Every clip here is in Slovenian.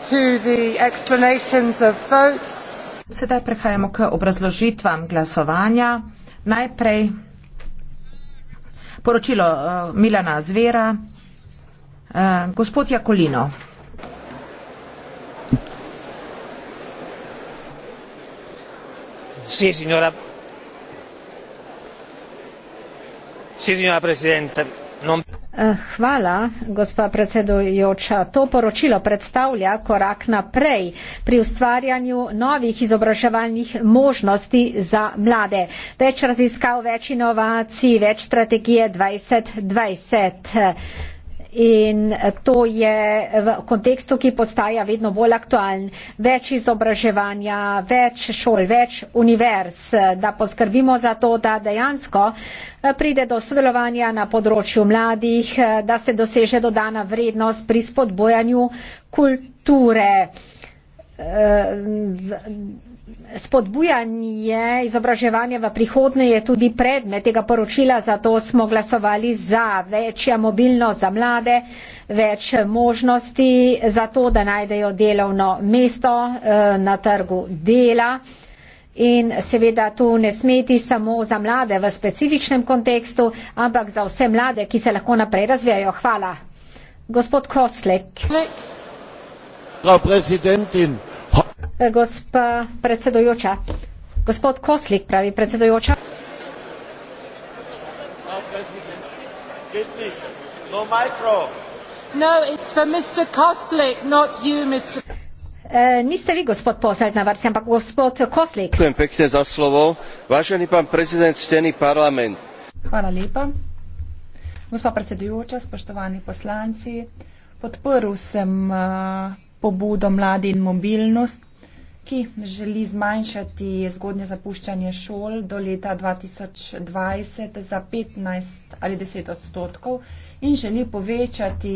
Sedaj prehajamo k obrazložitvam glasovanja. Najprej poročilo eh, Milana Zvera. Eh, gospod Jakolino. Sì, signora. Sì, signora Presidente. Non... Eh, hvala, gospa predsedujoča. To poročilo predstavlja korak naprej pri ustvarjanju novih izobraževalnih možnosti za mlade. Več raziskav, več inovacij, več strategije 2020 in to je v kontekstu, ki postaja vedno bolj aktualen. Več izobraževanja, več šol, več univerz, da poskrbimo za to, da dejansko eh, pride do sodelovanja na področju mladih, eh, da se doseže dodana vrednost pri spodbojanju kulture. E, v, spodbujanje izobraževanja v prihodnje je tudi predmet tega poročila, zato smo glasovali za večja mobilnost za mlade, več možnosti za to, da najdejo delovno mesto eh, na trgu dela. In seveda tu ne smeti samo za mlade v specifičnem kontekstu, ampak za vse mlade, ki se lahko naprej razvijajo. Hvala. Gospod Koslek. Frau Präsidentin, gospa predsedujoča. Gospod Koslik pravi predsedujoča. No, no Koslik, you, Mr... e, niste vi, gospod Posled, na vrsti, ampak gospod Koslik. Hvala pekne za slovo. Važeni pan predsednik, steni parlament. Hvala lepa. Gospa predsedujoča, spoštovani poslanci, podprl sem uh, pobudo mladi in mobilnost, ki želi zmanjšati zgodnje zapuščanje šol do leta 2020 za 15 ali 10 odstotkov in želi povečati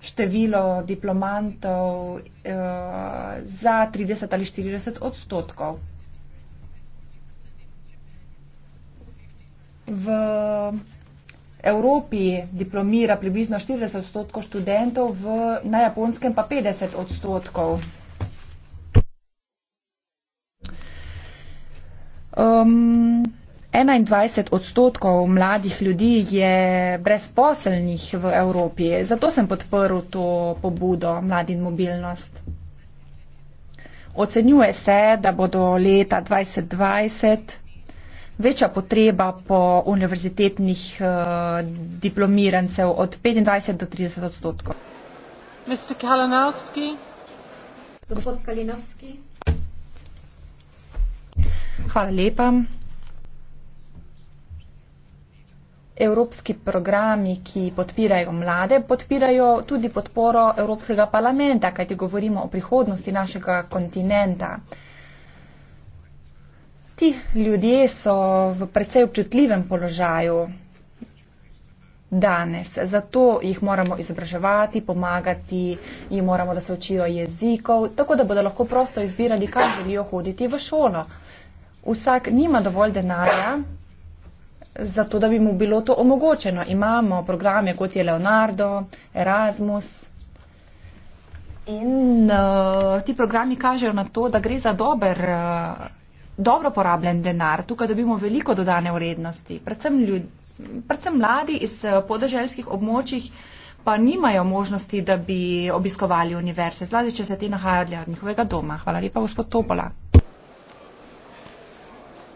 število diplomantov uh, za 30 ali 40 odstotkov. V Evropi diplomira približno 40 odstotkov študentov, v, na japonskem pa 50 odstotkov. Um, 21 odstotkov mladih ljudi je brezposelnih v Evropi, zato sem podprl to pobudo Mladin mobilnost. Ocenjuje se, da bo do leta 2020 večja potreba po univerzitetnih uh, diplomirancev od 25 do 30 odstotkov. Gospod Kalinovski. Hvala lepa. Evropski programi, ki podpirajo mlade, podpirajo tudi podporo Evropskega parlamenta, kajti govorimo o prihodnosti našega kontinenta. Ti ljudje so v precej občutljivem položaju danes, zato jih moramo izobraževati, pomagati, jim moramo, da se učijo jezikov, tako da bodo lahko prosto izbirali, kam želijo hoditi v šolo vsak nima dovolj denarja, zato da bi mu bilo to omogočeno. Imamo programe kot je Leonardo, Erasmus. In uh, ti programi kažejo na to, da gre za dober, uh, dobro porabljen denar. Tukaj dobimo veliko dodane vrednosti. Predvsem, ljud, predvsem mladi iz eh, podeželskih območjih pa nimajo možnosti, da bi obiskovali univerze, zlasti, če se ti nahajajo od njihovega doma. Hvala lepa, gospod Topola.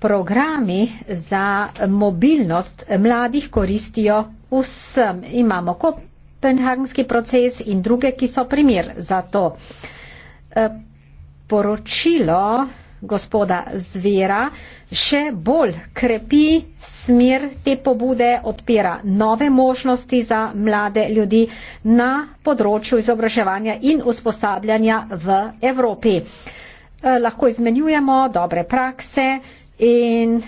programi za mobilnost mladih koristijo vsem. Imamo kopenhagenski proces in druge, ki so primer za to. E, poročilo gospoda Zvera še bolj krepi smer te pobude, odpira nove možnosti za mlade ljudi na področju izobraževanja in usposabljanja v Evropi. E, lahko izmenjujemo dobre prakse, in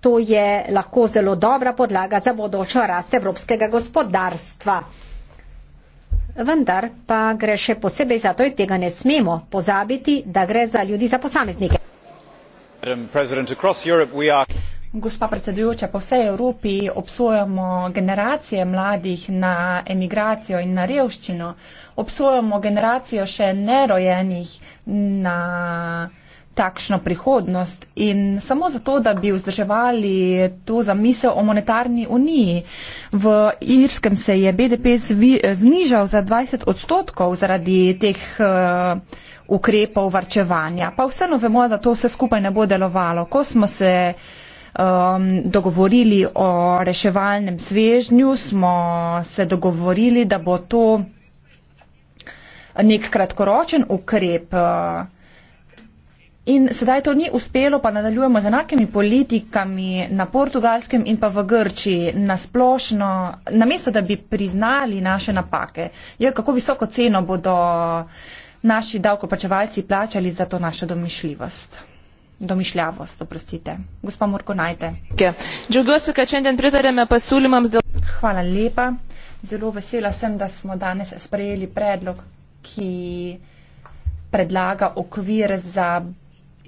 to je lahko zelo dobra podlaga za bodočo rast evropskega gospodarstva. Vendar pa gre še posebej za to, in tega ne smemo pozabiti, da gre za ljudi, za posameznike. Gospa predsedujoča, po vsej Evropi obsojamo generacije mladih na emigracijo in na revščino, obsojamo generacijo še nerojenih na takšno prihodnost in samo zato, da bi vzdrževali to zamisel o monetarni uniji. V Irskem se je BDP znižal za 20 odstotkov zaradi teh eh, ukrepov varčevanja. Pa vseeno vemo, da to vse skupaj ne bo delovalo. Ko smo se um, dogovorili o reševalnem svežnju, smo se dogovorili, da bo to nek kratkoročen ukrep. Uh, In sedaj to ni uspelo, pa nadaljujemo z enakimi politikami na portugalskem in pa v Grčiji. Nasplošno, namesto da bi priznali naše napake, je kako visoko ceno bodo naši davkoplačevalci plačali za to našo domišljivost. Domišljavost, oprostite. Gospa Morko, najte. Hvala lepa. Zelo vesela sem, da smo danes sprejeli predlog, ki predlaga okvir za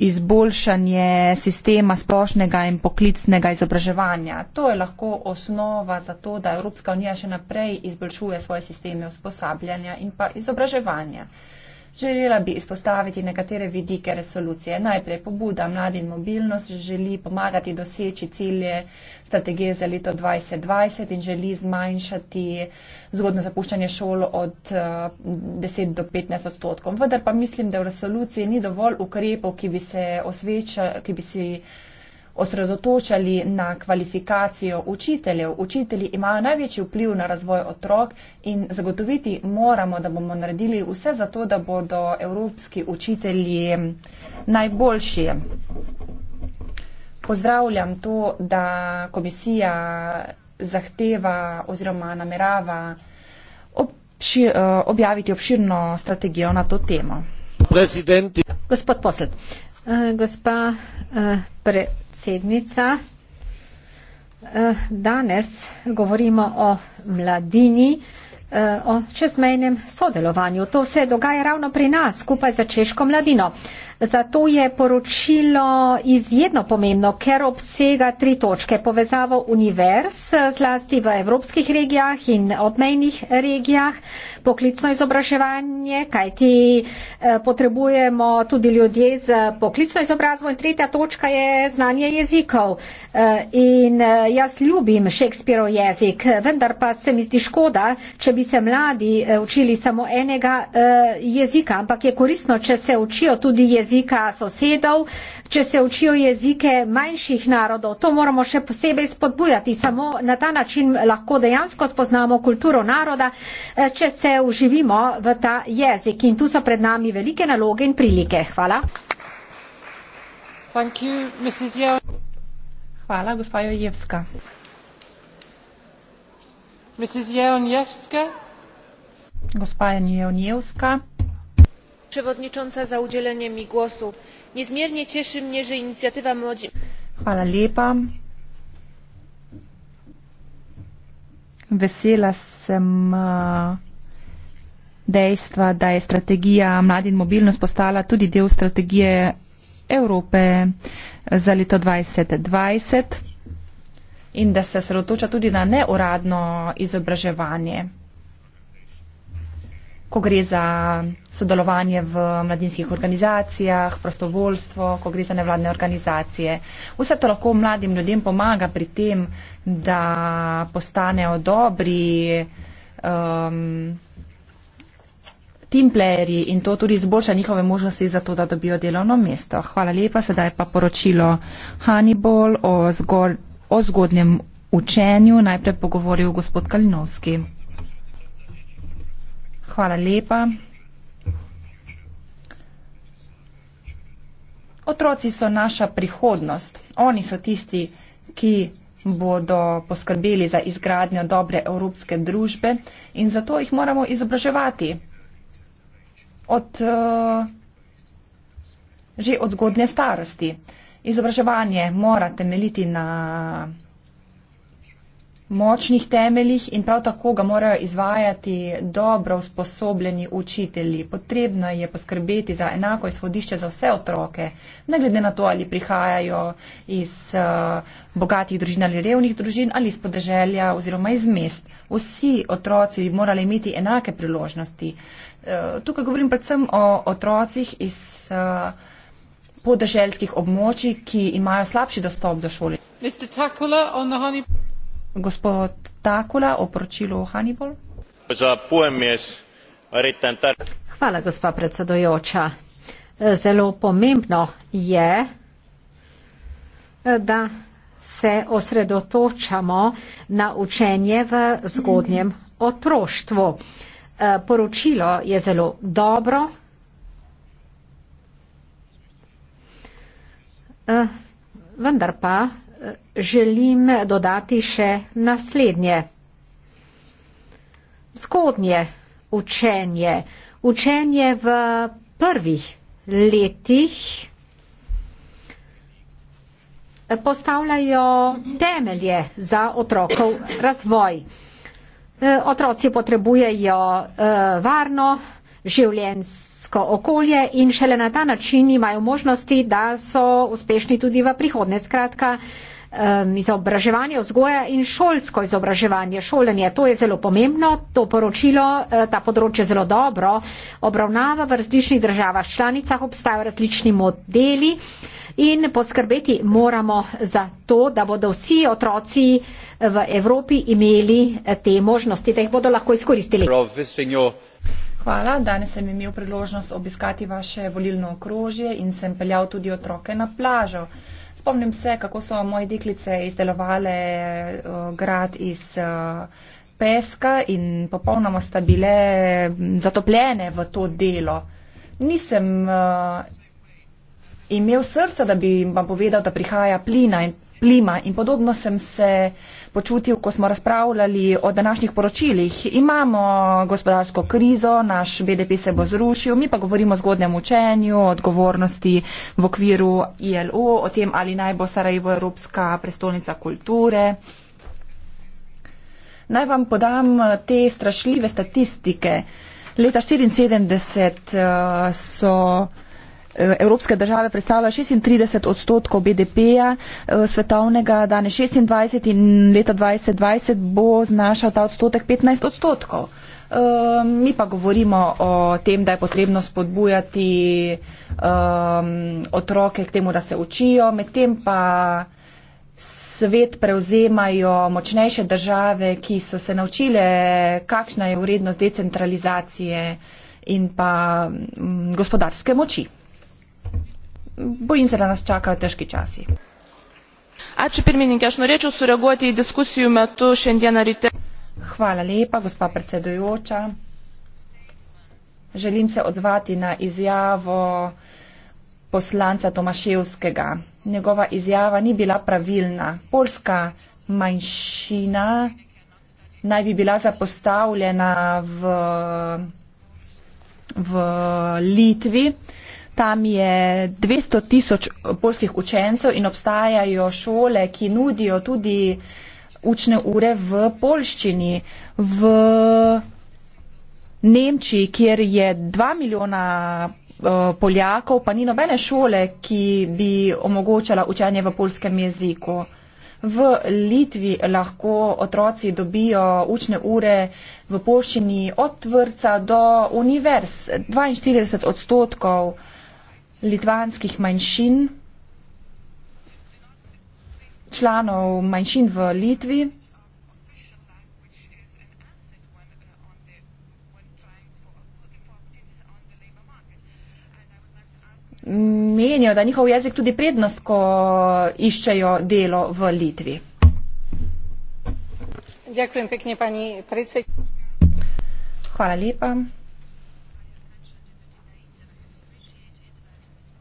izboljšanje sistema splošnega in poklicnega izobraževanja. To je lahko osnova za to, da Evropska unija še naprej izboljšuje svoje sisteme usposabljanja in pa izobraževanja. Želela bi izpostaviti nekatere vidike resolucije. Najprej pobuda Mladi in mobilnost želi pomagati doseči cilje strategije za leto 2020 in želi zmanjšati zgodno zapuščanje šol od 10 eh, do 15 odstotkov. Vendar pa mislim, da v resoluciji ni dovolj ukrepov, ki bi se osvečali, ki bi si osredotočali na kvalifikacijo učiteljev. Učitelji imajo največji vpliv na razvoj otrok in zagotoviti moramo, da bomo naredili vse za to, da bodo evropski učitelji najboljši. Pozdravljam to, da komisija zahteva oziroma namerava eh, objaviti obširno strategijo na to temo. Gospod posel, Eh, gospa eh, predsednica, eh, danes govorimo o mladini, o čezmejnem sodelovanju. To se dogaja ravno pri nas, skupaj za češko mladino. Zato je poročilo izjedno pomembno, ker obsega tri točke. Povezavo univerz, zlasti v evropskih regijah in obmejnih regijah, poklicno izobraževanje, kajti eh, potrebujemo tudi ljudje z poklicno izobrazbo in tretja točka je znanje jezikov. Eh, in eh, jaz ljubim Šekspirov jezik, vendar pa se mi zdi škoda, če bi se mladi učili samo enega jezika, ampak je koristno, če se učijo tudi jezik jezika sosedov, če se učijo jezike manjših narodov. To moramo še posebej spodbujati. Samo na ta način lahko dejansko spoznamo kulturo naroda, eh, če se uživimo v ta jezik. In tu so pred nami velike naloge in prilike. Hvala. Thank you, Mrs. Hvala, gospa Jojevska. Mrs. Jeonjevska. Gospa Jeonjevska przewodnicząca za udzielenie mi głosu. Niezmiernie cieszy mnie, że inicjatywa młodzi. Hvala lepa. Vesela sem dejstva, da je strategija Mladi in mobilnost postala tudi del strategije Evrope za leto 2020 in da se sredotoča tudi na neuradno izobraževanje ko gre za sodelovanje v mladinskih organizacijah, prostovoljstvo, ko gre za nevladne organizacije. Vse to lahko mladim ljudem pomaga pri tem, da postanejo dobri um, teamplayerji in to tudi izboljša njihove možnosti za to, da dobijo delovno mesto. Hvala lepa, sedaj pa poročilo Hannibal o, zgol, o zgodnjem učenju. Najprej pogovoril gospod Kalinovski. Hvala lepa. Otroci so naša prihodnost. Oni so tisti, ki bodo poskrbeli za izgradnjo dobre evropske družbe in zato jih moramo izobraževati. Od, eh, že od zgodne starosti. Izobraževanje mora temeljiti na močnih temeljih in prav tako ga morajo izvajati dobro usposobljeni učitelji. Potrebno je poskrbeti za enako izhodišče za vse otroke, ne glede na to, ali prihajajo iz uh, bogatih družin ali revnih družin ali iz podeželja oziroma iz mest. Vsi otroci bi morali imeti enake priložnosti. Uh, tukaj govorim predvsem o otrocih iz uh, podeželskih območij, ki imajo slabši dostop do šole gospod Takula o poročilu Hannibal. Hvala, gospa predsedojoča. Zelo pomembno je, da se osredotočamo na učenje v zgodnjem otroštvu. Poročilo je zelo dobro. Vendar pa želim dodati še naslednje. Zgodnje učenje, učenje v prvih letih postavljajo temelje za otrokov razvoj. E, otroci potrebujejo e, varno življenjsko okolje in šele na ta način imajo možnosti, da so uspešni tudi v prihodnje. Skratka, um, izobraževanje, vzgoja in šolsko izobraževanje, šolanje. To je zelo pomembno, to poročilo, eh, ta področje zelo dobro obravnava v različnih državah članicah, obstajajo različni modeli in poskrbeti moramo za to, da bodo vsi otroci v Evropi imeli eh, te možnosti, da jih bodo lahko izkoristili. Hvala. Danes sem imel priložnost obiskati vaše volilno okrožje in sem peljal tudi otroke na plažo. Spomnim se, kako so moje deklice izdelovale uh, grad iz uh, peska in popolnoma sta bile mm, zatopljene v to delo. Nisem uh, imel srca, da bi vam povedal, da prihaja plina in plima in podobno sem se počutil, ko smo razpravljali o današnjih poročilih. Imamo gospodarsko krizo, naš BDP se bo zrušil, mi pa govorimo o zgodnem učenju, odgovornosti v okviru ILO, o tem, ali naj bo Sarajevo Evropska prestolnica kulture. Naj vam podam eh, te strašljive statistike. Leta 1974 eh, so Eh, evropske države predstavlja 36 odstotkov BDP-ja eh, svetovnega, danes 26 in leta 2020 bo znašal ta odstotek 15 odstotkov. Eh, mi pa govorimo o tem, da je potrebno spodbujati ehm, otroke k temu, da se učijo, medtem pa svet prevzemajo močnejše države, ki so se naučile, kakšna je vrednost decentralizacije in pa mm, gospodarske moči bojim se, da nas čakajo težki časi. Ačiū pirmininkė, aš norėčiau sureaguoti į diskusijų metu šiandieną ryte. Hvala lepa, gospa predsedujoča. Želim se odzvati na izjavo poslanca Tomaševskega. Njegova izjava ni bila pravilna. Polska manjšina naj bi bila zapostavljena v, v Litvi tam je 200 tisoč polskih učencev in obstajajo šole, ki nudijo tudi učne ure v polščini, v Nemčiji, kjer je 2 milijona eh, Poljakov, pa ni nobene šole, ki bi omogočala učenje v polskem jeziku. V Litvi lahko otroci dobijo učne ure v poščini od vrca do univerz. 42 odstotkov litvanskih manjšin, članov manjšin v Litvi. Menijo, da njihov jezik tudi prednost, ko iščejo delo v Litvi. Ďakujem pekne, pani predsednica. Hvala lepa.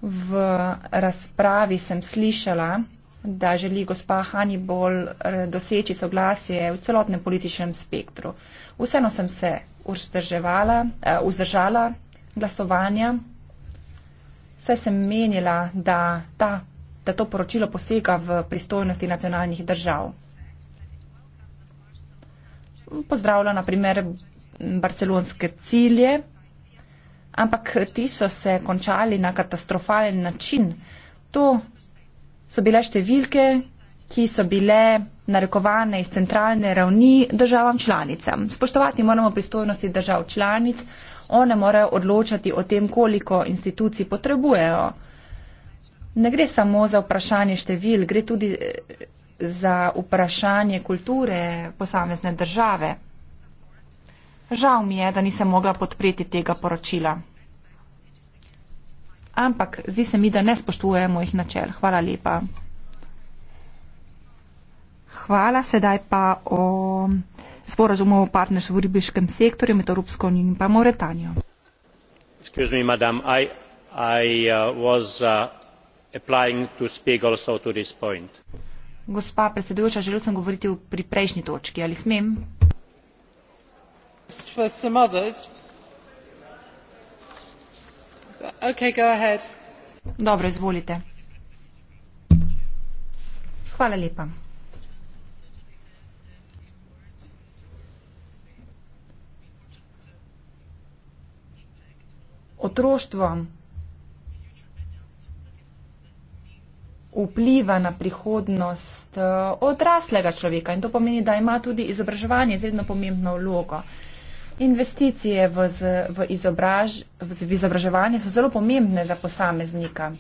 V razpravi sem slišala, da želi gospa Hannibal eh, doseči soglasje v celotnem političnem spektru. Vseeno sem se eh, vzdržala glasovanja, saj sem menila, da, ta, da to poročilo posega v pristojnosti nacionalnih držav. Pozdravljam na primer barcelonske cilje, ampak ti so se končali na katastrofalen način. To so bile številke, ki so bile narekovane iz centralne ravni državam članicam. Spoštovati moramo pristojnosti držav članic, one morajo odločati o tem, koliko institucij potrebujejo. Ne gre samo za vprašanje števil, gre tudi eh, za vprašanje kulture posamezne države. Žal mi je, da nisem mogla podpreti tega poročila. Ampak zdi se mi, da ne spoštuje mojih načel. Hvala lepa. Hvala sedaj pa o sporazumu o partnerstvu v ribiškem sektorju med Evropsko unijo in pa Mauretanijo. Excuse me, madam, I, I uh, was uh, applying to speak also to this point. Gospa predsedujoča, želel sem govoriti pri prejšnji točki. Ali smem? for some others. Okay, go ahead. Dobro, izvolite. Hvala lepa. Otroštvo vpliva na prihodnost eh, odraslega človeka in to pomeni, da ima tudi izobraževanje izredno pomembno vlogo investicije v, z, v, izobraž, v, v izobraževanje so zelo pomembne za posameznika.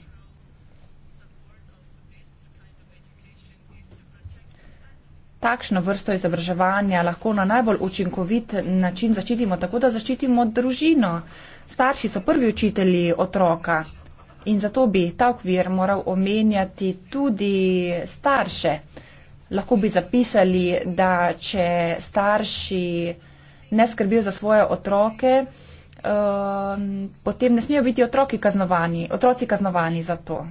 Takšno vrsto izobraževanja lahko na najbolj učinkovit način zaščitimo, tako da zaščitimo družino. Starši so prvi učitelji otroka in zato bi ta okvir moral omenjati tudi starše. Lahko bi zapisali, da če starši ne skrbijo za svoje otroke, um, potem ne smijo biti otroki kaznovani, otroci kaznovani za to.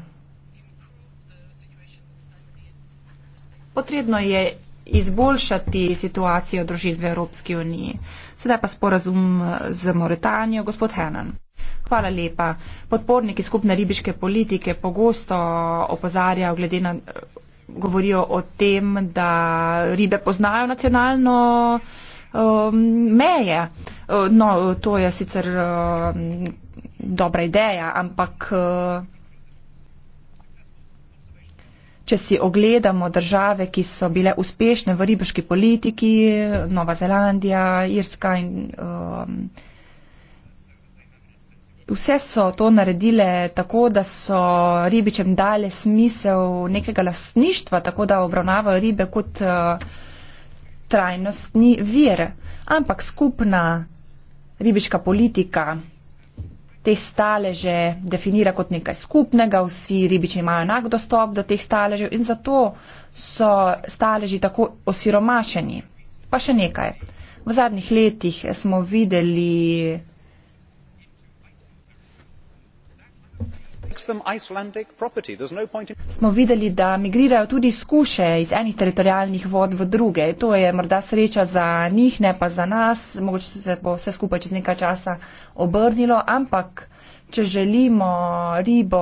Potrebno je izboljšati situacijo družin v Evropski uniji. Sedaj pa sporazum uh, z Moretanjo, gospod Henan. Hvala lepa. Podporniki skupne ribiške politike pogosto opozarjajo, glede na, uh, govorijo o tem, da ribe poznajo nacionalno um, meje. Uh, no, to je sicer uh, dobra ideja, ampak. Uh, Če si ogledamo države, ki so bile uspešne v ribiški politiki, Nova Zelandija, Irska in um, vse so to naredile tako, da so ribičem dale smisel nekega lasništva, tako da obravnavajo ribe kot. Uh, trajnostni vir, ampak skupna ribiška politika te staleže definira kot nekaj skupnega, vsi ribiči imajo enak dostop do teh staležev in zato so staleži tako osiromašeni. Pa še nekaj. V zadnjih letih smo videli No Smo videli, da migrirajo tudi skuše iz enih teritorijalnih vod v druge. To je morda sreča za njih, ne pa za nas. Mogoče se bo vse skupaj čez nekaj časa obrnilo, ampak če želimo ribo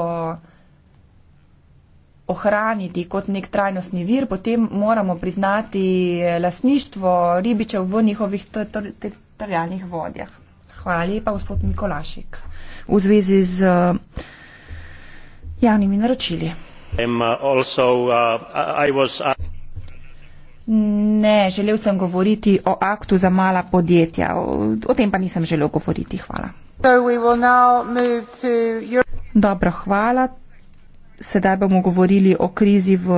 ohraniti kot nek trajnostni vir, potem moramo priznati lasništvo ribičev v njihovih teritorijalnih vodjah. Hvala lepa, gospod Mikolašik. V zvezi z uh, javnimi naročili. Uh, also, uh, was, uh... Ne, želel sem govoriti o aktu za mala podjetja. O, o tem pa nisem želel govoriti. Hvala. Your... Dobro, hvala. Sedaj bomo govorili o krizi v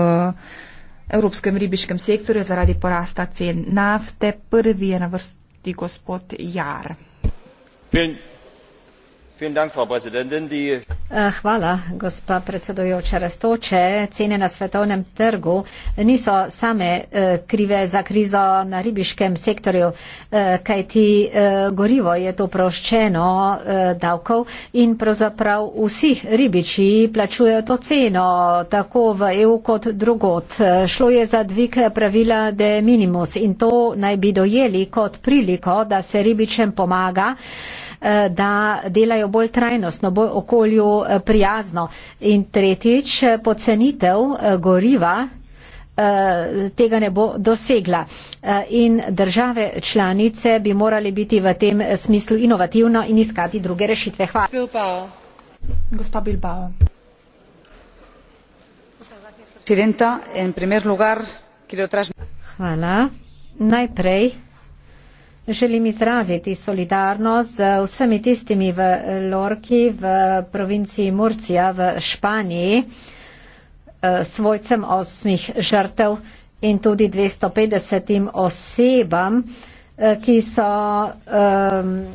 Evropskem ribiškem sektorju zaradi porasta cen nafte. Prvi je na vrsti gospod Jar. Pen... Eh, hvala, gospa predsedujoča. Rastoče cene na svetovnem trgu niso same eh, krive za krizo na ribiškem sektorju, eh, kajti gorivo je to proščeno davkov in pravzaprav vsi ribiči plačujejo to ceno, tako v EU kot drugot. Šlo je za dvig pravila de minimus in to naj bi dojeli kot priliko, da se ribičem pomaga. Eh, da delajo bolj trajnostno, bolj okolju eh, prijazno. In tretjič, eh, pocenitev goriva tega ne bo dosegla. In države članice bi morali biti v tem smislu inovativno in iskati druge rešitve. Hvala. Bilbao. Gospa Bilbao. Hvala. Najprej Želim izraziti solidarnost z vsemi tistimi v Lorki, v provinciji Murcia, v Španiji, eh, svojcem osmih žrtev in tudi 250 osebam, eh, ki so um,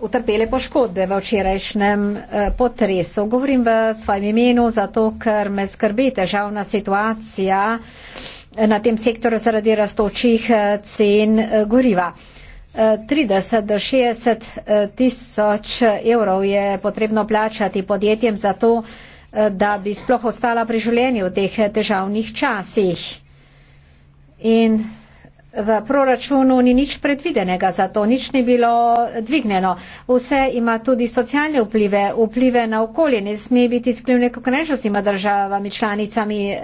utrpele poškodbe v včerajšnjem potresu. Govorim v svojem imenu, zato ker me skrbi težavna situacija na tem sektoru zaradi rastočih cen goriva. 30 do 60 eh, tisoč evrov je potrebno plačati podjetjem za to, eh, da bi sploh ostala pri življenju v teh težavnih časih. In v proračunu ni nič predvidenega za to, nič ni bilo dvigneno. Vse ima tudi socialne vplive, vplive na okolje, ne sme biti skliv neko konečnostima državami, članicami. Eh,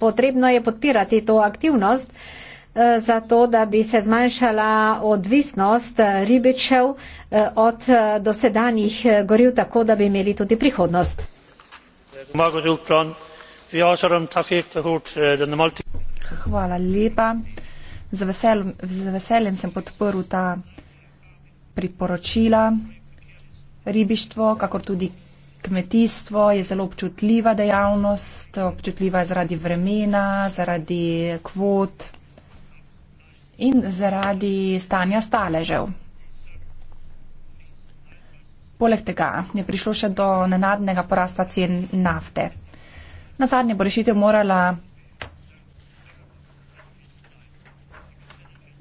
potrebno je podpirati to aktivnost za to, da bi se zmanjšala odvisnost ribičev eh, od eh, dosedanjih eh, goril, tako da bi imeli tudi prihodnost. Hvala lepa. Z veseljem, z veseljem sem podporil ta priporočila. Ribištvo, kakor tudi kmetijstvo, je zelo občutljiva dejavnost, občutljiva je zaradi vremena, zaradi kvot in zaradi stanja staležev. Poleg tega je prišlo še do nenadnega porasta cen nafte. Na zadnje bo rešitev morala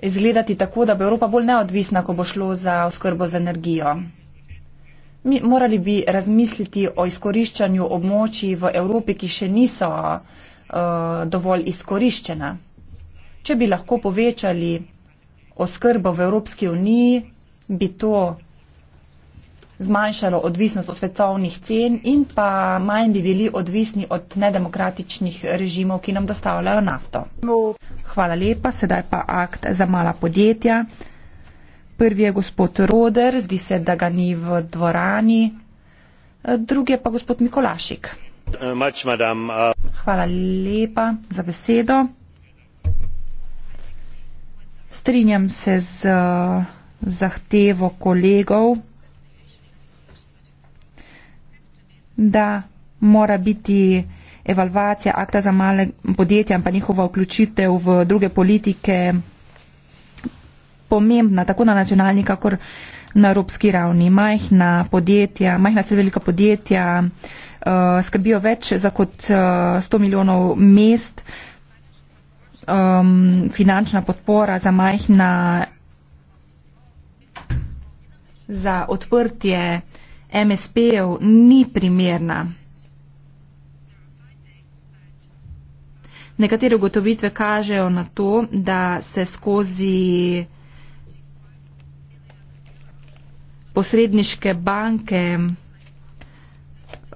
izgledati tako, da bo Evropa bolj neodvisna, ko bo šlo za oskrbo z energijo. Mi morali bi razmisliti o izkoriščanju območij v Evropi, ki še niso uh, dovolj izkoriščena. Če bi lahko povečali oskrbo v Evropski uniji, bi to zmanjšalo odvisnost od svetovnih cen in pa manj bi bili odvisni od nedemokratičnih režimov, ki nam dostavljajo nafto. Hvala lepa, sedaj pa akt za mala podjetja. Prvi je gospod Roder, zdi se, da ga ni v dvorani. Drugi je pa gospod Mikolašik. Hvala lepa za besedo strinjam se z zahtevo kolegov, da mora biti evalvacija akta za male podjetja in pa njihova vključitev v druge politike pomembna tako na nacionalni, kakor na evropski ravni. Majhna podjetja, majhna se velika podjetja uh, skrbijo več za kot uh, eh, 100 milijonov mest. Uh, um, finančna podpora za majhna za odprtje MSP-ev ni primerna. Nekatere ugotovitve kažejo na to, da se skozi posredniške banke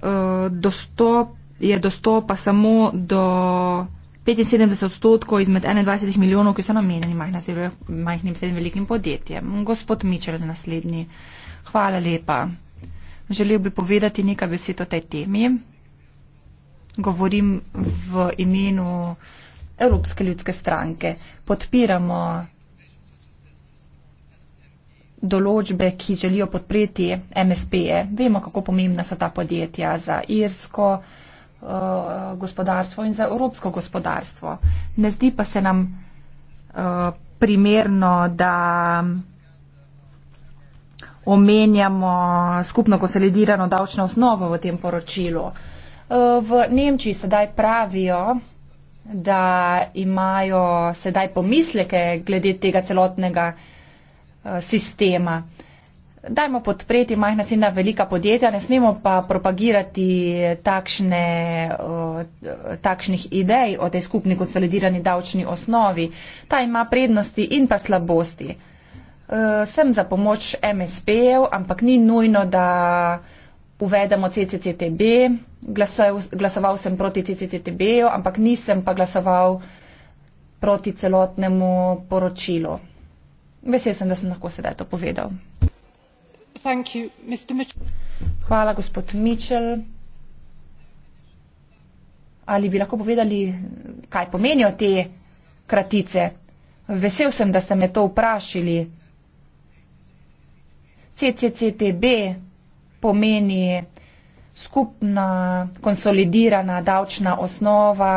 uh, dostop, je dostopa samo do 75 odstotkov izmed 21 milijonov, ki so namenjeni majhnim in srednjim velikim podjetjem. Gospod Mičel, naslednji. Hvala lepa. Želel bi povedati nekaj besed o tej temi. Govorim v imenu Evropske ljudske stranke. Podpiramo določbe, ki želijo podpreti MSP-je. Vemo, kako pomembna so ta podjetja za Irsko, Eh, gospodarstvo in za evropsko gospodarstvo. Ne zdi pa se nam uh, primerno, da omenjamo skupno konsolidirano davčno osnovo v tem poročilu. Eh, v Nemčiji sedaj pravijo, da imajo sedaj pomisleke glede tega celotnega sistema dajmo podpreti majhna sedna velika podjetja, ne smemo pa propagirati takšne, uh, takšnih idej o tej skupni konsolidirani davčni osnovi. Ta ima prednosti in pa slabosti. Uh, sem za pomoč MSP-jev, ampak ni nujno, da uvedemo CCCTB. Glasoval, glasoval sem proti CCCTB-ju, ampak nisem pa glasoval proti celotnemu poročilu. Vesel sem, da sem lahko sedaj to povedal. Hvala, gospod Mitchell. Ali bi lahko povedali, kaj pomenijo te kratice? Vesel sem, da ste me to vprašali. CCCTB pomeni skupna konsolidirana davčna osnova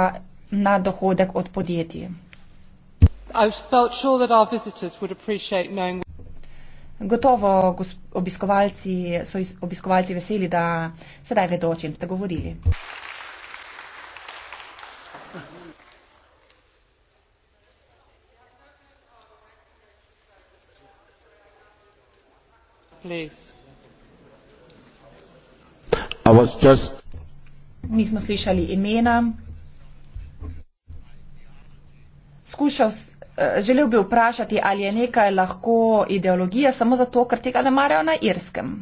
na dohodek od podjetij. Gotovo obiskovalci, so obiskovalci veseli, da sedaj vedo, o čem ste govorili. Just... Mi smo slišali imena. Skušal sem. Eh, želel bi vprašati, ali je nekaj lahko ideologija samo zato, ker tega ne marajo na irskem.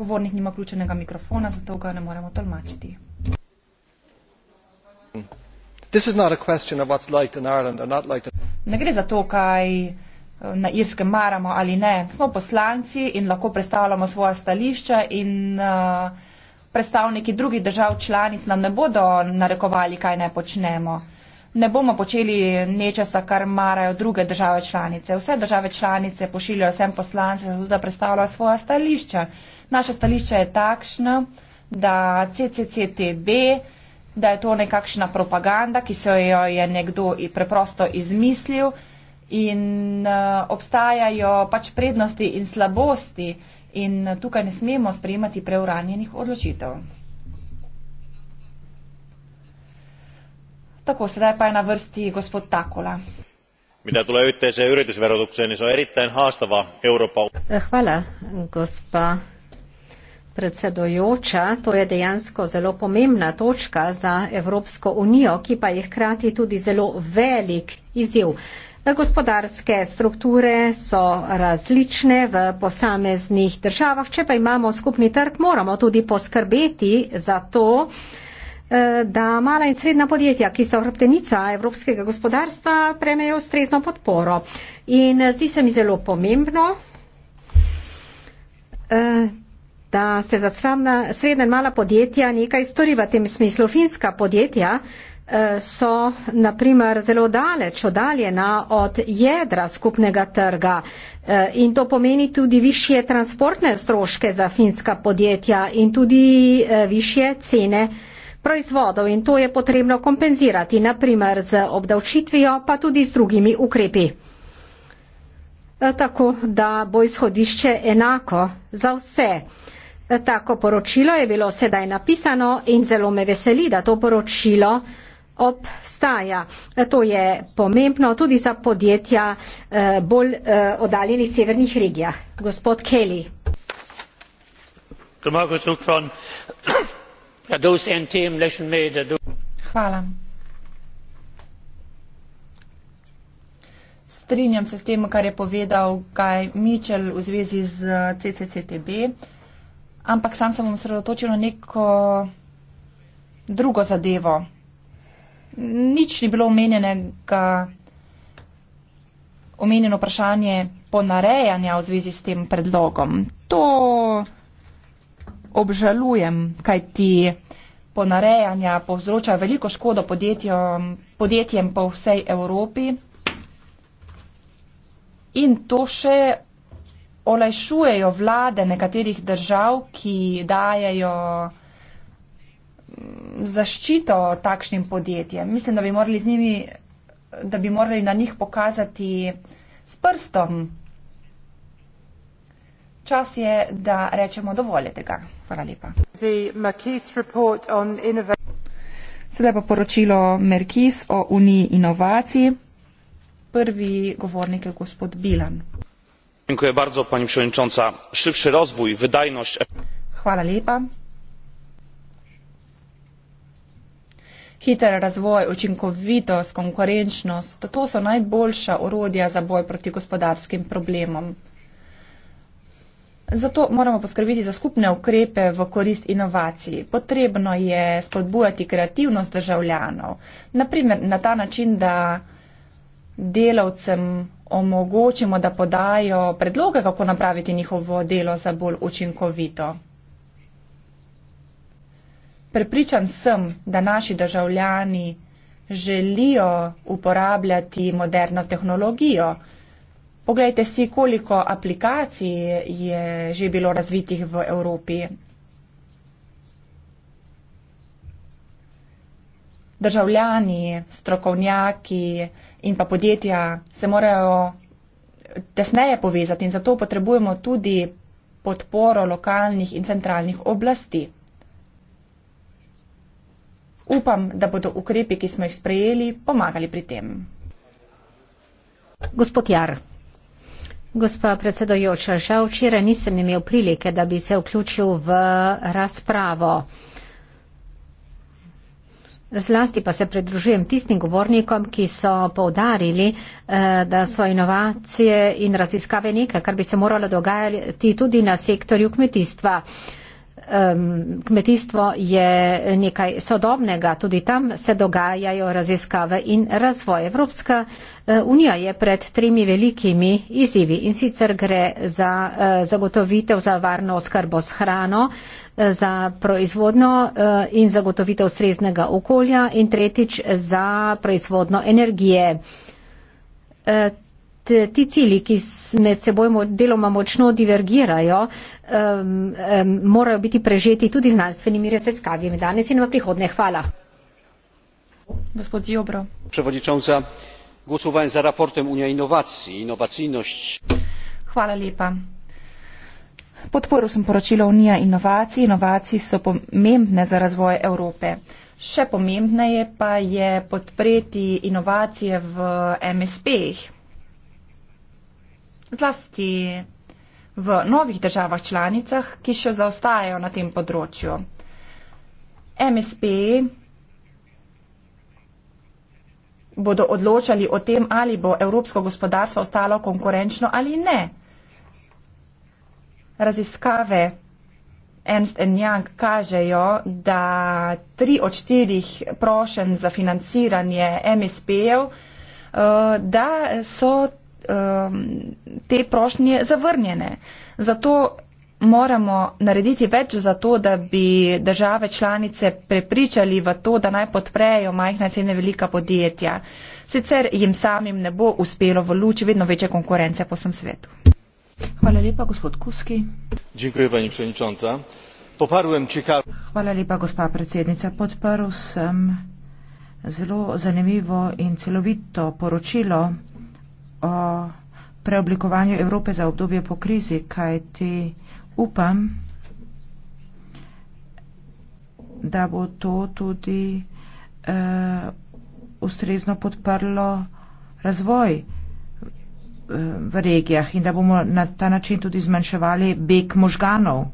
Govornik nima ključenega mikrofona, zato ga ne moremo tolmačiti. Ne gre za to, kaj eh, na irskem maramo ali ne. Smo poslanci in lahko predstavljamo svoje stališče in uh, predstavniki drugih držav članic nam ne bodo narekovali, kaj ne počnemo. Uh, ne bomo počeli nečesa, kar marajo druge države članice. Vse države članice pošiljajo vsem poslance, zato da predstavljajo svoja stališča. Naše stališče je takšno, da CCCTB, da je to nekakšna propaganda, ki se jo je nekdo preprosto izmislil in eh, obstajajo pač prednosti in slabosti in tukaj ne smemo sprejemati preuranjenih odločitev. Tako, sedaj pa je na vrsti gospod Takola. Mida tule ühtese üritusverotukse, niin se on erittäin haastava Euroopan... Eh, hvala, gospa predsedojoča. To je dejansko zelo pomembna točka za Evropsko unijo, ki pa je hkrati tudi zelo velik izjiv. Eh, gospodarske strukture so različne v posameznih državah. Če pa imamo skupni trg, moramo tudi poskrbeti za to, Eh, da mala in srednja podjetja, ki so hrbtenica evropskega gospodarstva, prejmejo ustrezno podporo. In eh, zdi se mi zelo pomembno, eh, da se za srednja in mala podjetja nekaj stori v tem smislu. Finska podjetja so naprimer zelo daleč oddaljena od jedra skupnega trga in to pomeni tudi višje transportne stroške za finska podjetja in tudi višje cene proizvodov in to je potrebno kompenzirati, naprimer z obdavčitvijo, pa tudi z drugimi ukrepi. E, tako da bo izhodišče enako za vse. E, tako poročilo je bilo sedaj napisano in zelo me veseli, da to poročilo obstaja. E, to je pomembno tudi za podjetja bolj oddaljenih severnih regijah. Gospod Kelly. Good morning, Ja, Strinjam se s tem, kar je povedal Kaj Mičel v zvezi z eh, CCCTB, ampak sam sem osredotočil na neko drugo zadevo. Nič ni bilo omenjenega, omenjeno vprašanje ponarejanja v zvezi s tem predlogom. To obžalujem, kaj ti ponarejanja povzroča veliko škodo podjetjo, podjetjem po vsej Evropi. In to še olajšujejo vlade nekaterih držav, ki dajajo mm, zaščito takšnim podjetjem. Mislim, da bi morali z njimi, da bi morali na njih pokazati s prstom Čas je, da rečemo dovolj tega. Hvala lepa. Sedaj pa poročilo Merkis o uniji inovacij. Prvi govornik je gospod Bilan. Dziękuję bardzo, pani przewodnicząca. Szybszy rozwój, wydajność. E- Hvala lepa. Hiter razvoj, učinkovitost, konkurenčnost, to so najboljša orodja za boj proti gospodarskim problemom. Zato moramo poskrbeti za skupne ukrepe v korist inovacij. Potrebno je spodbujati kreativnost državljanov. Naprimer, na ta način, da delavcem omogočimo, da podajo predloge, kako napraviti njihovo delo za bolj učinkovito. Prepričan sem, da naši državljani želijo uporabljati moderno tehnologijo. Poglejte si, koliko aplikacij je že bilo razvitih v Evropi. Državljani, strokovnjaki in pa podjetja se morajo tesneje povezati in zato potrebujemo tudi podporo lokalnih in centralnih oblasti. Upam, da bodo ukrepi, ki smo jih sprejeli, pomagali pri tem. Gospod Jar, Gospa predsedojoča, žal včeraj nisem imel prilike, da bi se vključil v razpravo. Zlasti pa se pridružujem tistim govornikom, ki so povdarili, eh, da so inovacije in raziskave nekaj, kar bi se moralo dogajati tudi na sektorju kmetijstva um, kmetijstvo je nekaj sodobnega, tudi tam se dogajajo raziskave in razvoj. Evropska e, unija je pred tremi velikimi izzivi in sicer gre za uh, zagotovitev za varno oskrbo s hrano, e, za proizvodno uh, in zagotovitev sreznega okolja in tretjič za proizvodno energije. Uh, ti cili, ki med seboj deloma močno divergirajo, um, um, morajo biti prežeti tudi znanstvenimi raziskavami danes in v prihodnje. Hvala. Hvala lepa. Podporil sem poročilo Unija inovacij. Inovacije so pomembne za razvoj Evrope. Še pomembneje pa je podpreti inovacije v MSP-jih zlasti v novih državah članicah, ki še zaostajajo na tem področju. MSP bodo odločali o tem, ali bo evropsko gospodarstvo ostalo konkurenčno ali ne. Raziskave Ernst Young kažejo, da tri od štirih prošen za financiranje MSP-jev, eh, da so um, te prošnje zavrnjene. Zato moramo narediti več za to, da bi države članice prepričali v to, da naj podprejo majhna in srednja velika podjetja. Sicer jim samim ne bo uspelo v luči vedno večje konkurence po vsem svetu. Hvala lepa, gospod Kuski. Dziękuję, pani przewodnicząca. Poparłem Chicago. Hvala lepa, gospa predsednica. Podprl sem zelo zanimivo in celovito poročilo o preoblikovanju Evrope za obdobje po krizi, kaj ti upam, da bo to tudi uh, ustrezno podprlo razvoj eh, v regijah in da bomo na ta način tudi zmanjševali beg možganov.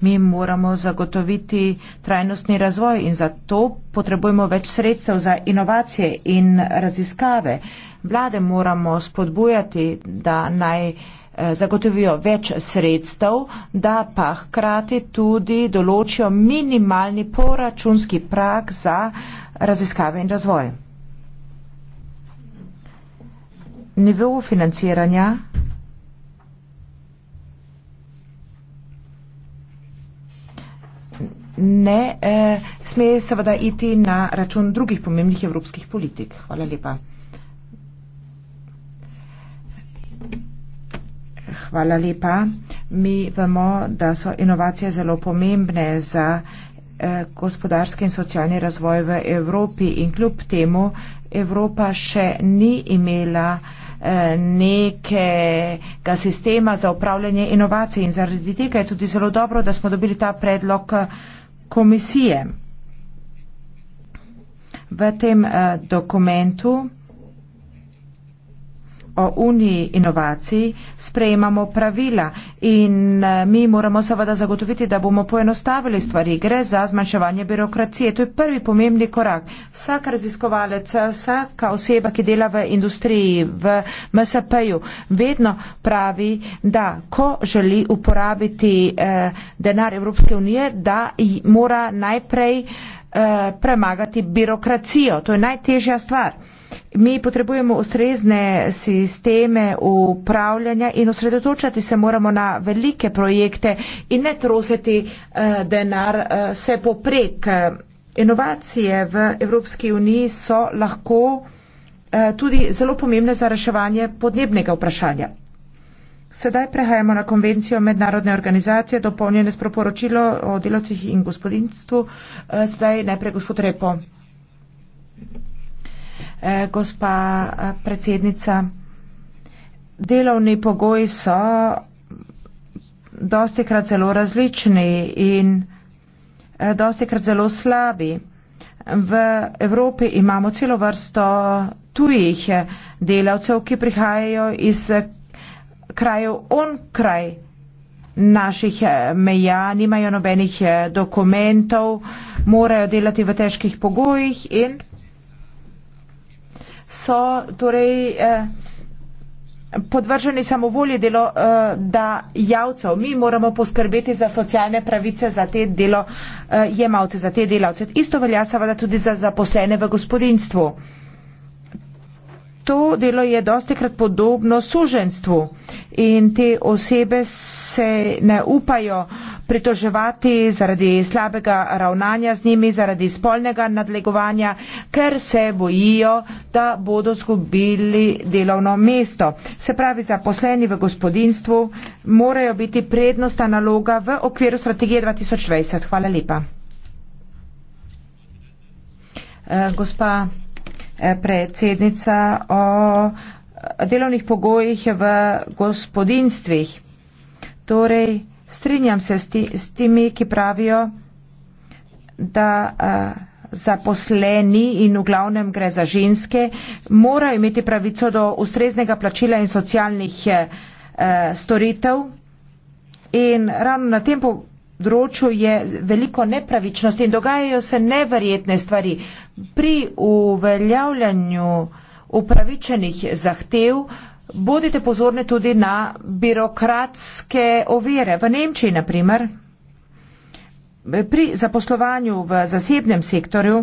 Mi moramo zagotoviti trajnostni razvoj in zato potrebujemo več sredstev za inovacije in raziskave. Uh, vlade moramo spodbujati, da naj eh, zagotovijo več sredstev, da pa hkrati tudi določijo minimalni poračunski prak za raziskave in razvoj. Nivo financiranja ne eh, sme seveda iti na račun drugih pomembnih evropskih politik. Hvala lepa. Hvala lepa. Mi vemo, da so inovacije zelo pomembne za eh, gospodarski in socialni razvoj v Evropi in kljub temu Evropa še ni imela eh, nekega sistema za upravljanje inovacij in zaradi tega je tudi zelo dobro, da smo dobili ta predlog eh, komisije. V tem dokumentu o uniji inovacij sprejemamo pravila in eh, mi moramo seveda zagotoviti, da bomo poenostavili stvari. Gre za zmanjševanje birokracije. To je prvi pomembni korak. Vsak raziskovalec, vsaka oseba, ki dela v industriji, v MSP-ju, vedno pravi, da ko želi uporabiti eh, denar Evropske unije, da mora najprej eh, premagati birokracijo. To je najtežja stvar. Mi potrebujemo ustrezne sisteme upravljanja in osredotočati se moramo na velike projekte in ne trositi eh, denar eh, se poprek. Inovacije v Evropski uniji so lahko eh, tudi zelo pomembne za reševanje podnebnega vprašanja. Sedaj prehajamo na konvencijo mednarodne organizacije, dopolnjene s proporočilo o delovcih in gospodinstvu. Sedaj najprej gospod Repo. Eh, gospa eh, predsednica. Delovni pogoji so dosti krat zelo različni in eh, dosti krat zelo slabi. V Evropi imamo celo vrsto tujih delavcev, ki prihajajo iz krajev onkraj naših meja, nimajo nobenih dokumentov, morajo delati v težkih pogojih in so torej eh, podvrženi samovolji delo, eh, da javcev. Mi moramo poskrbeti za socialne pravice za te delo, eh, jemalce, za te delavce. Isto velja seveda tudi za zaposlene v gospodinstvu to delo je dosti krat podobno suženstvu in te osebe se ne upajo pritoževati zaradi slabega ravnanja z njimi, zaradi spolnega nadlegovanja, ker se bojijo, da bodo zgubili delovno mesto. Se pravi, zaposleni v gospodinstvu morajo biti prednostna naloga v okviru strategije 2020. Hvala lepa. E, gospa predsednica o eh, delovnih pogojih v gospodinstvih. Torej, strinjam se s, ti, s timi, ki pravijo, da eh, zaposleni in v glavnem gre za ženske, morajo imeti pravico do ustreznega plačila in socialnih eh, storitev. In ravno na tem področju področju je veliko nepravičnosti in dogajajo se neverjetne stvari. Pri uveljavljanju upravičenih zahtev bodite pozorni tudi na birokratske ovire. V Nemčiji, na primer, pri zaposlovanju v zasebnem sektorju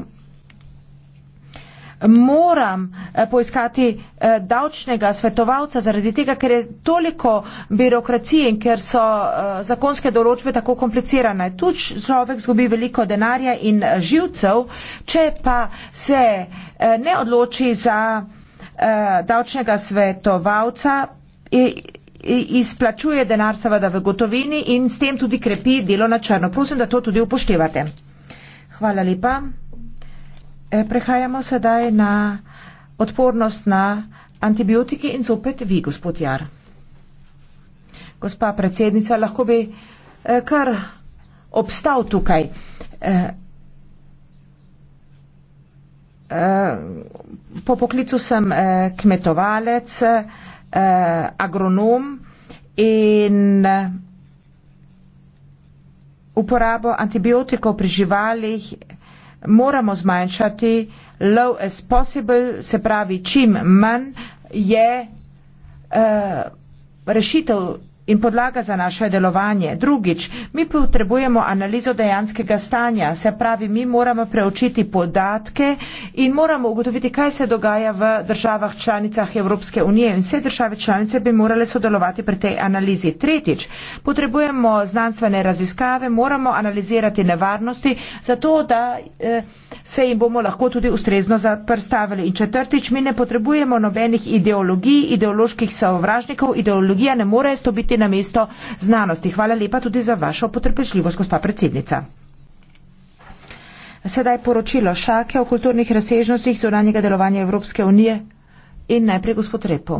moram eh, poiskati eh, davčnega svetovalca zaradi tega, ker je toliko birokracije in ker so eh, zakonske določbe tako komplicirane. Tu človek zgubi veliko denarja in živcev, če pa se ne odloči za davčnega svetovalca, izplačuje denar seveda v gotovini in s tem tudi krepi delo na črno. Prosim, da to tudi upoštevate. Hvala lepa. E, prehajamo sedaj na odpornost na antibiotike in zopet vi, gospod Jar. Gospa predsednica, lahko bi e, kar obstal tukaj. E, po poklicu sem kmetovalec, agronom in uporabo antibiotikov pri živalih moramo zmanjšati low as possible, se pravi čim manj je uh, rešitev in podlaga za naše delovanje. Drugič, mi potrebujemo analizo dejanskega stanja, se pravi, mi moramo preučiti podatke in moramo ugotoviti, kaj se dogaja v državah članicah Evropske unije in vse države članice bi morale sodelovati pri tej analizi. Tretjič, potrebujemo znanstvene raziskave, moramo analizirati nevarnosti, zato da eh, se jim bomo lahko tudi ustrezno zaprstavili. In četrtič, mi ne potrebujemo nobenih ideologij, ideoloških sovražnikov, ideologija ne more stobiti biti na mesto znanosti. Hvala lepa tudi za vašo potrpežljivost, gospa predsednica. Sedaj poročilo šake o kulturnih razsežnostih zunanjega delovanja Evropske unije in najprej gospod Repo.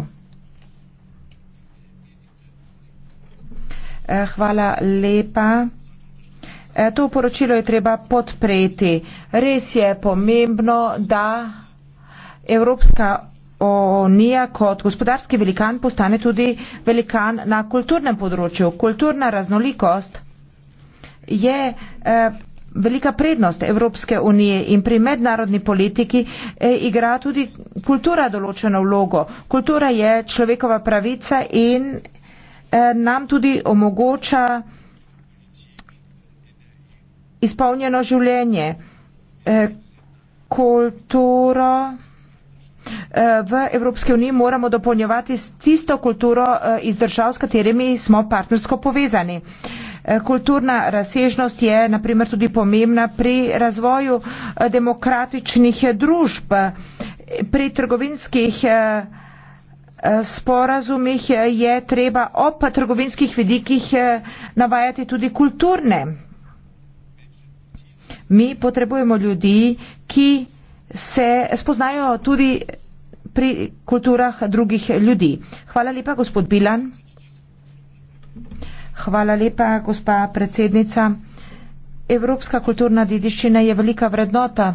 Eh, hvala lepa. Eh, to poročilo je treba podpreti. Res je pomembno, da Evropska unija kot gospodarski velikan postane tudi velikan na kulturnem področju. Kulturna raznolikost je eh, velika prednost Evropske unije in pri mednarodni politiki eh, igra tudi kultura določeno vlogo. Kultura je človekova pravica in eh, nam tudi omogoča izpolnjeno življenje. Eh, kulturo. Eh, v Evropski uniji moramo dopolnjevati s tisto kulturo eh, iz držav, s katerimi smo partnersko povezani. Eh, kulturna razsežnost je naprimer tudi pomembna pri razvoju demokratičnih družb, pri trgovinskih sporazumih je treba ob trgovinskih vidikih navajati tudi kulturne. Mi potrebujemo ljudi, ki se spoznajo tudi pri kulturah drugih ljudi. Hvala lepa, gospod Bilan. Hvala lepa, gospa predsednica. Evropska kulturna dediščina je velika vrednota.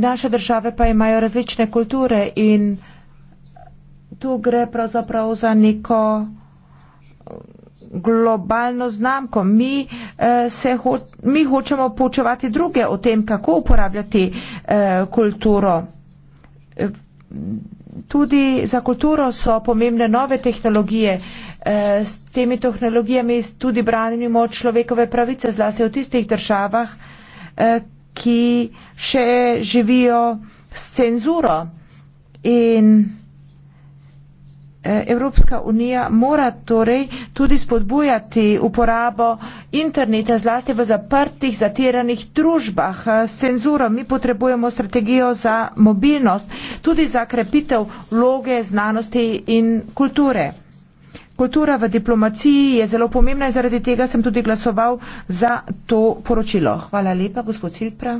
Naše države pa imajo različne kulture in tu gre pravzaprav za neko eh, globalno znamko. Mi, eh, se, mi hočemo poučevati druge o tem, kako uporabljati eh, kulturo. Tudi za kulturo so pomembne nove tehnologije. E, s temi tehnologijami tudi branimo človekove pravice, zlasti v tistih državah, e, ki še živijo s cenzuro. In Eh, Evropska unija mora torej tudi spodbujati uporabo interneta zlasti v zaprtih, zatiranih družbah eh, s cenzuro. Mi potrebujemo strategijo za mobilnost, tudi za krepitev vloge znanosti in kulture. Kultura v diplomaciji je zelo pomembna in zaradi tega sem tudi glasoval za to poročilo. Hvala lepa, gospod Silpra.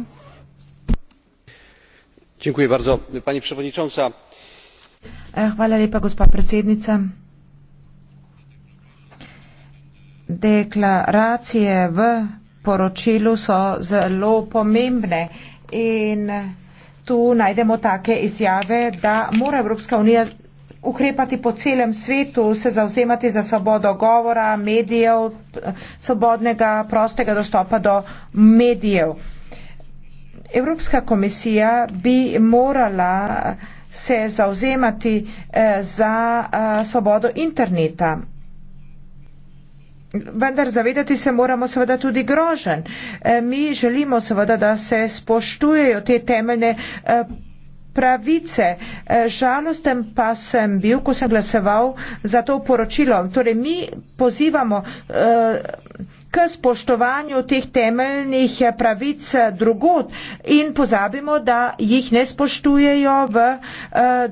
Dziękuję bardzo. Pani Przewodnicząca, Eh, hvala lepa, gospa predsednica. Deklaracije v poročilu so zelo pomembne in tu najdemo take izjave, da mora Evropska unija ukrepati po celem svetu, se zauzemati za svobodo govora, medijev, svobodnega, prostega dostopa do medijev. Evropska komisija bi morala se zauzemati eh, za eh, svobodo interneta. Vendar zavedati se moramo seveda tudi grožen. Eh, mi želimo seveda, da se spoštujejo te temeljne pravice. Žalosten pa sem bil, ko sem glasoval za to poročilo. Torej, mi pozivamo k spoštovanju teh temeljnih pravic drugot in pozabimo, da jih ne spoštujejo v eh,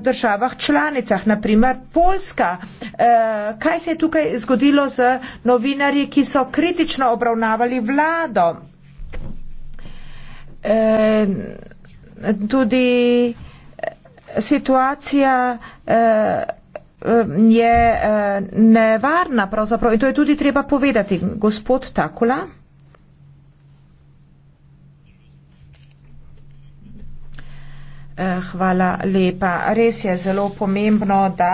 državah članicah, naprimer Poljska. Eh, kaj se je tukaj zgodilo z novinarji, ki so kritično obravnavali vlado? Eh, tudi situacija Eh, je eh, nevarna pravzaprav in to je tudi treba povedati. Gospod Takula. Eh, hvala lepa. Res je zelo pomembno, da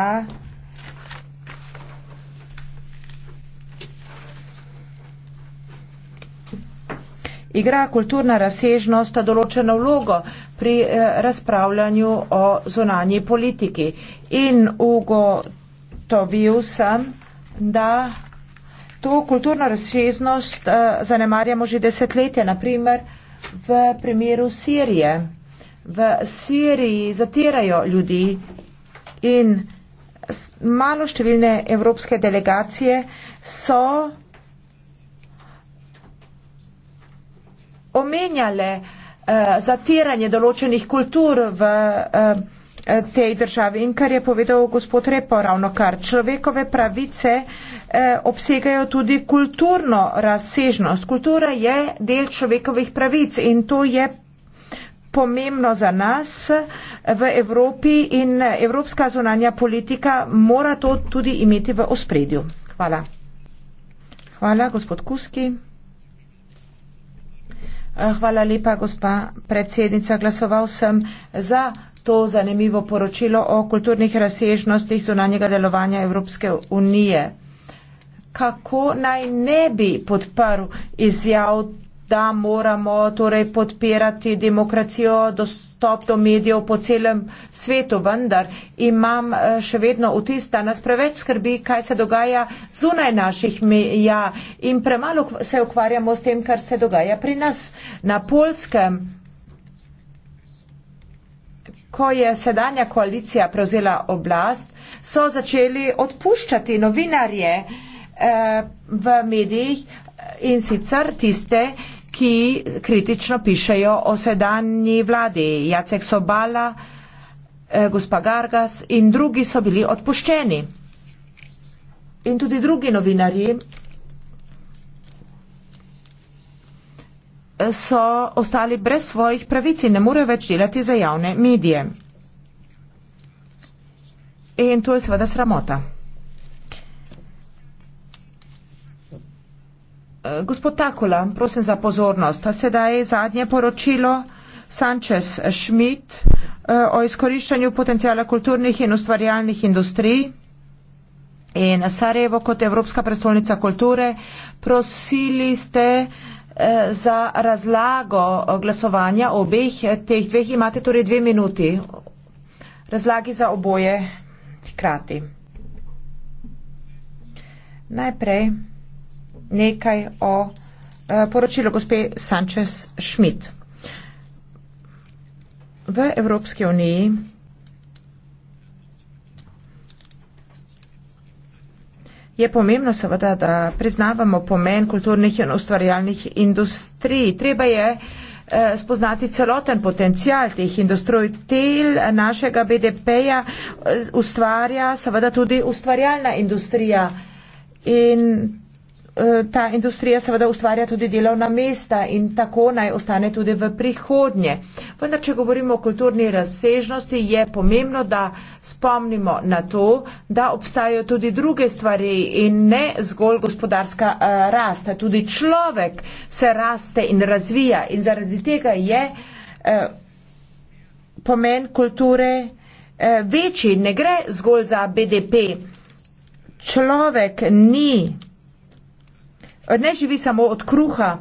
igra kulturna razsežnost določeno vlogo pri eh, razpravljanju o zonanji politiki. In ugotovil sem, da to kulturno razsežnost eh, zanemarjamo že desetletje, naprimer v primeru Sirije. V Siriji zatirajo ljudi in malo številne evropske delegacije so omenjale eh, zatiranje določenih kultur v eh, eh, tej državi in kar je povedal gospod Repo ravno kar. Človekove pravice eh, obsegajo tudi kulturno razsežnost. Kultura je del človekovih pravic in to je pomembno za nas eh, v Evropi in eh, evropska zunanja politika mora to tudi imeti v ospredju. Hvala. Hvala, gospod Kuski. Hvala lepa, gospa predsednica. Glasoval sem za to zanimivo poročilo o kulturnih razsežnostih zunanjega delovanja Evropske unije. Kako naj ne bi podprl izjav da moramo torej podpirati demokracijo, dostop do medijev po celem svetu, vendar imam eh, še vedno vtis, da nas preveč skrbi, kaj se dogaja zunaj naših meja in premalo se ukvarjamo s tem, kar se dogaja pri nas na polskem. Ko je sedanja koalicija prevzela oblast, so začeli odpuščati novinarje eh, v medijih in sicer tiste, eh, ki kritično pišejo o sedanji vladi. Jacek Sobala, eh, gospa Gargas in drugi so bili odpuščeni. In tudi drugi novinarji eh, so ostali brez svojih pravic in ne morejo več delati za javne medije. In to je seveda sramota. Eh, gospod Takula, prosim za pozornost. Sedaj je zadnje poročilo Sanchez Schmidt eh, o izkoriščanju potencijala kulturnih in ustvarjalnih industrij. In Sarajevo kot Evropska prestolnica kulture, prosili ste eh, za razlago glasovanja obeh teh dveh. Imate torej dve minuti. Razlagi za oboje hkrati. Najprej nekaj o eh, poročilu gospe Sanchez Schmidt. V Evropski uniji je pomembno seveda, da priznavamo pomen kulturnih in ustvarjalnih industrij. Treba je eh, spoznati celoten potencial teh industrij. Del našega BDP-ja eh, ustvarja seveda tudi ustvarjalna industrija. In Eh, ta industrija seveda ustvarja tudi delovna mesta in tako naj ostane tudi v prihodnje. Vendar, če govorimo o kulturni razsežnosti, je pomembno, da spomnimo na to, da obstajajo tudi druge stvari in ne zgolj gospodarska eh, rasta. Tudi človek se raste in razvija in zaradi tega je eh, pomen kulture večji. Ne gre zgolj za BDP. Človek ni ne živi samo od kruha,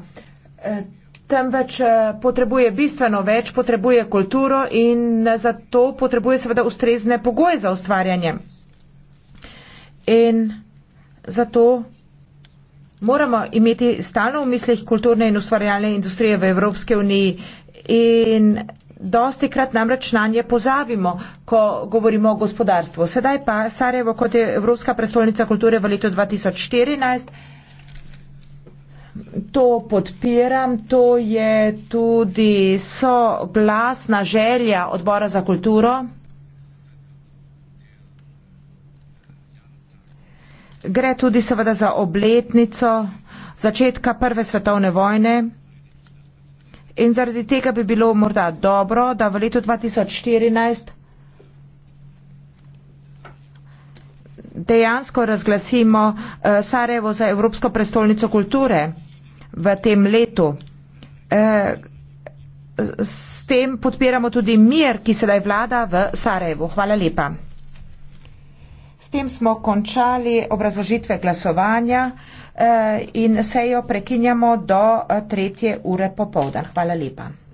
eh, temveč eh, potrebuje bistveno več, potrebuje kulturo in zato potrebuje seveda ustrezne pogoje za ustvarjanje. In zato moramo imeti stalno v mislih kulturne in ustvarjalne industrije v Evropske uniji in dosti krat namreč na nje pozabimo, ko govorimo o gospodarstvu. Sedaj pa Sarajevo kot je Evropska prestolnica kulture v letu 2014 to podpiram, to je tudi soglasna želja odbora za kulturo. Gre tudi seveda za obletnico začetka Prve svetovne vojne in zaradi tega bi bilo morda dobro, da v letu 2014 dejansko razglasimo eh, Sarajevo za Evropsko prestolnico kulture v tem letu. E, s tem podpiramo tudi mir, ki sedaj vlada v Sarajevu. Hvala lepa. S tem smo končali obrazložitve glasovanja e, in sejo prekinjamo do eh, tretje ure popovdan. Hvala lepa.